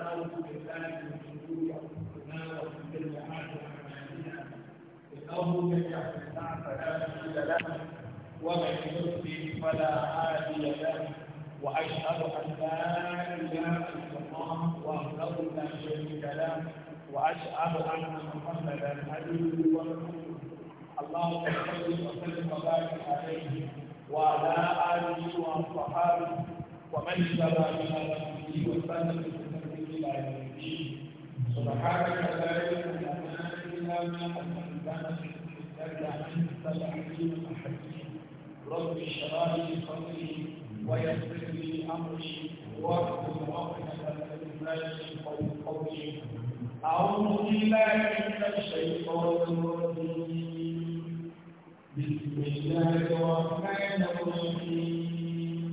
ونعوذ بالله من ومن سيئات من يهد ان لا اله الا الله وحده لا شريك له واشهد ان محمدا عبده ورسوله اللهم صل وسلم وبارك عليه وعلى اله واصحابه ومن اتبع بهذا وسلم سبحانك لا علم لنا إلا ما علمتنا إنك أنت العليم الحكيم رب اشرح لي صدري ويسر لي أمري واحلل عقدة من لساني أعوذ بالله من الشيطان الرجيم بسم الله الرحمن الرحيم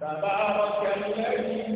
تبارك الذي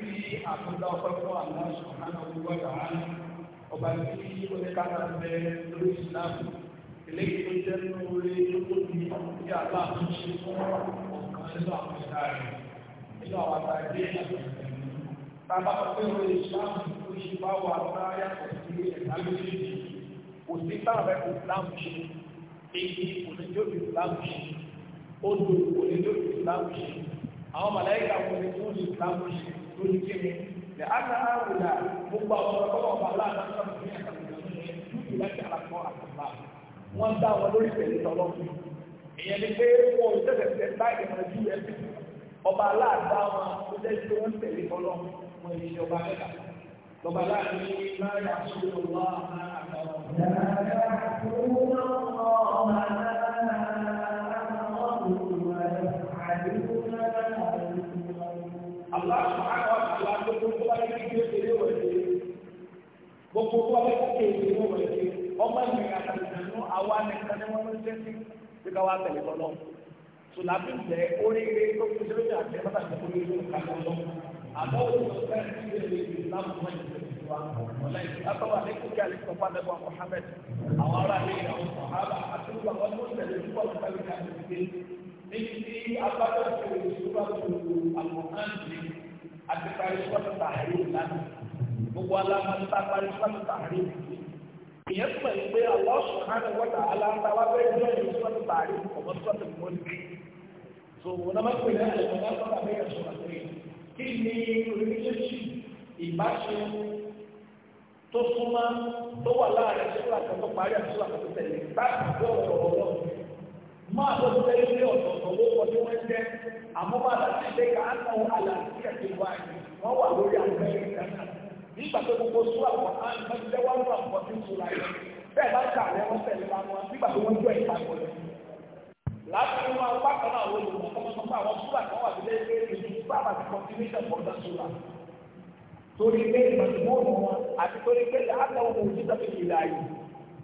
sí àtúndà ọpẹ́ fún àwọn ṣùgbọ́n àwọn ọgbọ́n ọba tí oníkàtà ń bẹ lórí ìsìláàmù eléyìí tó jẹ́ nínú orí tó ní bí àbá tó ṣe fún ọ̀kan nínú àwọn ìdá rẹ̀ nínú àwọn àtàgbé àtàgbé bàbá pé orí ìsìláàmù tó ṣe bá wà láyà pọ̀ sí ẹ̀dá lórí kò sí táwọn ìsìláàmù ṣe èyí kò ní yóò fi ìsìláàmù ṣe odò kò ní yóò fi ìsìláàmù ṣe àwọn màláìka wo ni tó lè ká mú ṣe tó ní kéde lè á ká àwòlà gbogbo àwọn ọlọ́pàá ọba aláàbá sábà ní àtàkùn ìlú láti àlàkọ àtàkùnlá wọn dá wọn lórí tẹ̀lé tọlọ́kùn ìyẹn ni pé wọn ò tẹ̀sẹ̀ báyìí wọn ju ẹsẹ̀ ọba aláàbá wọn ó jẹ́ pé wọ́n tẹ̀lé tọlọ́kùn wọn ìṣe ọba mẹ́ta lọ́ba aláàbí máa yà sórí ọlọ́ àwọn àgbà wọn aláṣọ àwọn aláṣọ tó tó bá yẹ kí ó ṣe yóò wẹ̀ ṣe gbogbo tó bá yẹ kí ó ṣe yóò wẹ̀ ṣe ọmọ ìrìn àtàlùfẹ́nu àwa nìkan ni wọ́n ń ṣe sí bí ká wá tẹ̀lé lọ́lọ́ sùlámì jẹ́ oríire tó fi ṣe lóṣù àti ẹ̀fọ́tà tó fi ṣe ká lọ́lọ́ àbọ̀ òṣèlú fẹ́ kí ó lè fi ìlànà mọ́ ìṣẹ̀lẹ̀ wa ọ̀la ìṣẹ̀lẹ̀ àtọ́wà ní kókè àlẹ́kọ̀ọ́ fàdébọ̀ Mohammed àwọn ará ilé ìyàwó sọ̀hábà àti agbábẹ́ ìṣòro ìṣúra tó àwòrán yìí àti parí sọ́tù tààrí ìlànà gbogbo alámọ́tà parí sọ́tù tààrí ìyẹn pẹ̀ pé àwọn sùnmọ́nì wọ́tà aláǹtàwá bẹ́ẹ̀ jẹ́ so wọn bá pè ní àlẹ́ wọn bá bẹ́ẹ̀ sọ̀rọ̀ àtẹ̀yẹ kí ni oríṣiríṣi ìbáṣe tó súnmọ́ tó wà láàrin sùúrù àtẹ̀tọ̀ parí ṣe ká àwọn àlàáfíà ti wá yìí wọ́n wà lórí àwọn ẹ̀yẹ kaná nígbà tó gbogbo sún àwọn àwọn ẹgbẹ́ wọn wà pọ̀ sí ìṣúra yìí bẹ́ẹ̀ bá kà lẹ́ wọ́n tẹ̀lé bá wọn nígbà tó wọ́n jọ ìta pọ̀ lọ. láti wọn wá kan náà wọ́n lò wọ́n kọ́ mọ́ àwọn súrà kan wà sílẹ̀ pé èdè nípa àbàtì kọ́ntínítà pọ̀ dá súrà. torí pé ìmọ̀tìmọ́ọ̀nù wọn àti torí pé àtàwọn òṣìṣẹ́ fi ìlà yìí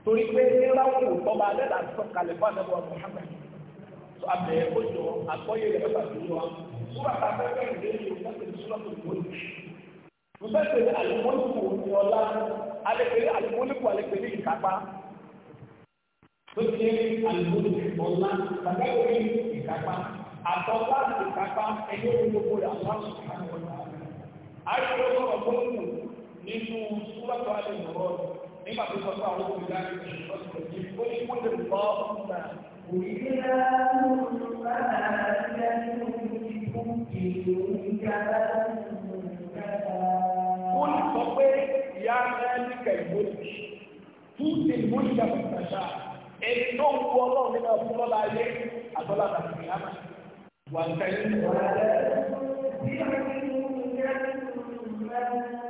torí pé níláwọ̀ òtọ́ba alẹ́ làásùn kalẹ̀ fún àdàbọ̀ Muhammad. àbẹ̀ ó jọ àgbọ́yé rẹ̀ mẹ́ta tó yọ súrà tàbí ẹgbẹ́ ìdílé yìí wọ́n ti súrà tó gbòòrò. Mùsẹ̀sẹ̀ àlùmọ́nìkù ní ọlá alẹ́pẹ̀lẹ́ àlùmọ́nìkù alẹ́pẹ̀lẹ́ ìkápá. Tó ti àlùmọ́nìkù ọlá tàbí ẹgbẹ́ ìkápá. Àtọ́lá ìkápá ẹni orí gbogbo rẹ̀ aláṣọ ìkápá. Àìsí ọ̀rọ̀ gbọ́dọ̀ nínú súrà tó alẹ́ ìrọ̀ nígbà tó sọ pé àwọn olùdarí ìṣòro ti ó ní sọ pé ìyá ẹni kẹ̀gbọ́dì tún ti mú ìjàmbá ìgbàṣà èyí tó ń wọ ọlọ́run nínú ọdún lọ́la ayé àtọ́lá àti ìyáma wà ń tẹ̀lé.